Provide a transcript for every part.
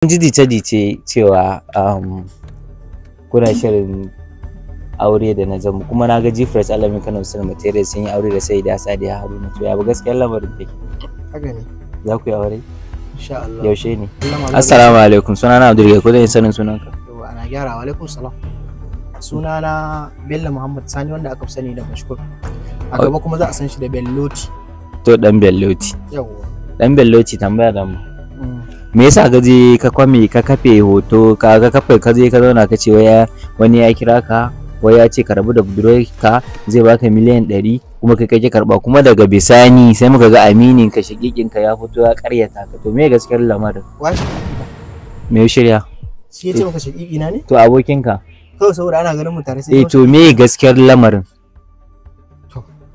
ji dice-dice cewa um, kuna shirin aure da na zama kuma na ga jifres alamin kano sun material sun yi aure da sai da sadi ya haruna to ya ba gaskiyar lamarin take haka ne za ku yi aure insha Allah yaushe ne assalamu alaikum sunana abdul ko zan sanin sunanka yawa ana gyara wa alaikum salam sunana bello muhammad sani wanda aka sani da mashkur a gaba kuma za a san shi da belloti to dan belloti yawa dan belloti tambaya da mu me yasa ka ka kwame ka kafe hoto ka ga kafe ka je ka zauna ka ce waya wani ya kira ka wai ya ce ka rabu da budurwarka zai baka miliyan ɗari kuma kai kake karba kuma daga bisani sai muka ga aminin ka shakikin ka ya fito ya karyata ka to me gaskiyar lamarin me shirya shi ya ce maka shakiki na ne to abokin ka to saboda ana ganin mu tare sai eh, to me gaskiyar lamarin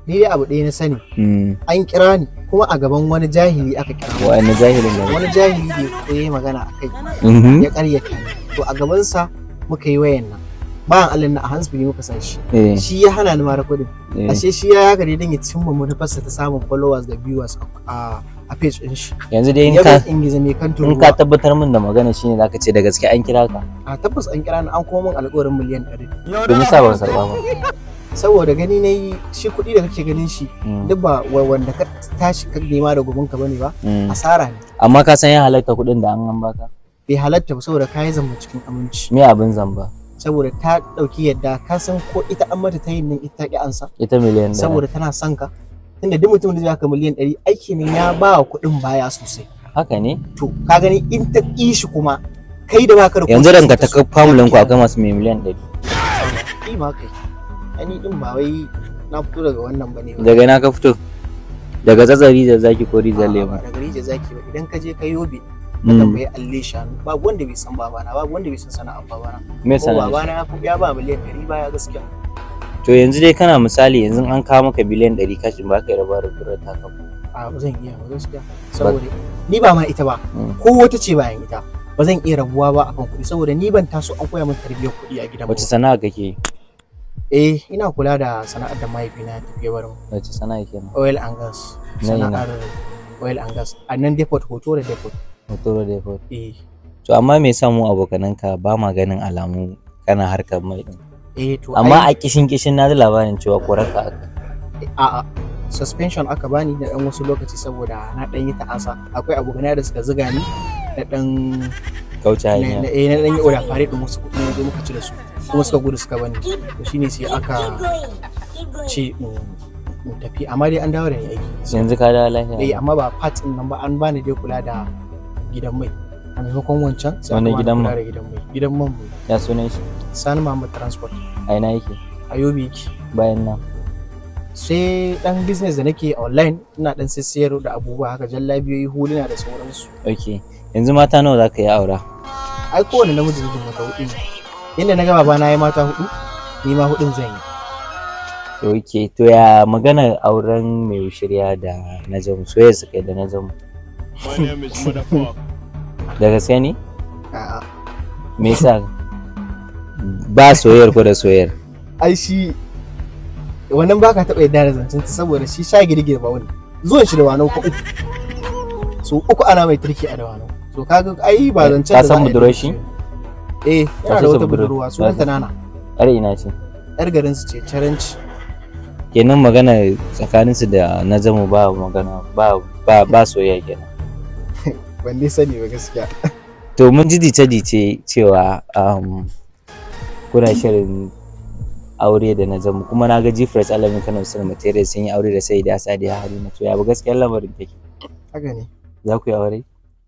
ni dai abu ɗaya na sani hmm. an kira ni kuma a gaban wani jahili aka kira wani jahili ne wani jahili ne ko yayi magana akai mm-hmm. ya karyata to a gaban sa muka yi wayan nan an Allah na a Hansbury muka san shi eh. shi ya hana ni mara recording eh. ashe shi ya gare dan ya cimma manufarsa ta samun followers da viewers a a page din shi yanzu dai in ka in ka tabbatar min da magana shine zaka ce da gaske an kira ka a tabbas an kira ni an koma mun alƙawarin miliyan 100 domin sabon sarwa ba saboda gani na yi shi kuɗi da kake ganin shi mm. duk ba wanda ka tashi ka nema da gobin ka bane ba mm. asara ne amma ka san ya halatta kuɗin da an an baka bai halatta ba saboda ka yi zamba cikin aminci me abin zamba saboda ta ɗauki yadda ka san ko ita an mata ta yin nan ita ki ansa ita miliyan ɗari. saboda tana son ka tunda duk mutum da zai ka miliyan ɗari aiki ne ya ba wa kuɗin baya sosai haka ne to ka gani in ta ƙi shi kuma kai da baka da yanzu ranka ta famulin a akwai masu miliyan ɗari ƙi ma kai ani din ba wai na fito daga wannan bane ba daga ina ka fito daga tsatsari da zaki ko rizal lema daga rijal zaki ba idan ka je ka yobe ka hmm. tambayi alle shanu babu wanda bai san babana babu wanda bai san sana'ar babana me sana'a babana ya ya ba miliyan 100 baya gaskiya to yanzu dai kana misali yanzu an kawo maka biliyan 100 kashi ba ka yi rabar da ta kafa a zan iya ba gaskiya saboda ni ba ma ita ba hmm. ko wata ce bayan ita ba zan iya rabuwa ba akan kuɗi saboda ni ban taso an koya min tarbiyyar kuɗi a gidan ba wata sana'a kake yi Eh, ina kula da sana'ar da mahaifina ya tafi barin. Wace sana'a kenan? Oil and gas. Sana'ar oil and gas. A nan depot hoto da depot. Hoto da depot. Eh. To amma me yasa mu abokananka ba ma ganin alamu kana harkar mai din? Eh to amma a kishin kishin na ji labarin cewa koraka aka. Eh, a'a suspension aka bani da dan wasu lokaci saboda na dan yi ta'asa. Akwai abokanai da suka ziga ni da dan kauce hanya eh na dan yi oda fare din wasu kuɗi da muka ci da su kuma suka gudu suka bani to shine sai aka ce mu tafi amma dai an dawo da ni aiki yanzu ka dawo lafiya eh amma ba part din nan ba an bani dai kula da gidan mai a maimakon wancan sai wani gidan mai gidan mai gidan man mu ya sunan shi sani Muhammad transport a ina yake a yobe yake bayan nan sai dan business da nake online ina dan sayar da abubuwa haka jallabiyoyi huluna da sauransu okay yanzu mata nawa za ka yi aura ai kowane namiji zai mata hudu ne yadda na ga na ya mata hudu ni ma hudun zan yi ok to ya magana auren mai shirya da jamu soyayya su kai da jamu da gaske ne me yasa ba soyayyar ko da soyayyar ai shi wannan baka taɓa yadda da zancen ta saboda shi sha girgire ba wani zuwan shi da wani uku so uku ana mai turki a da wani to ga ai ba eh, zance da san budurwar shi eh yana da wata budurwa ta nana yar ina ce yar garin su ce caranci kenan magana tsakanin su da na zamu ba magana ba ba ba soyayya kenan ban dai sani ba gaskiya to mun ji dice dice cewa um, kuna shirin aure da na zamu kuma na ga jifres alamin kano sun material sun yi aure da sai da da asadi haruna to ya ba gaskiyar lamarin take haka ne za ku yi aure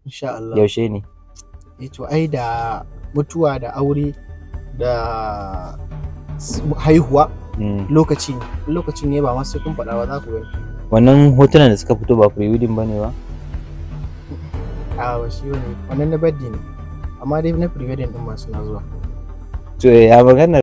insha Allah yaushe ne eh to ai da mutuwa da aure da haihuwa lokaci ne lokaci ne ba masu kun faɗa ba za ku gani wannan hotunan da suka fito ba pre-wedding ba ne ba a ba shi ne wannan na birthday ne amma dai na pre-wedding din masu na zuwa to ya magana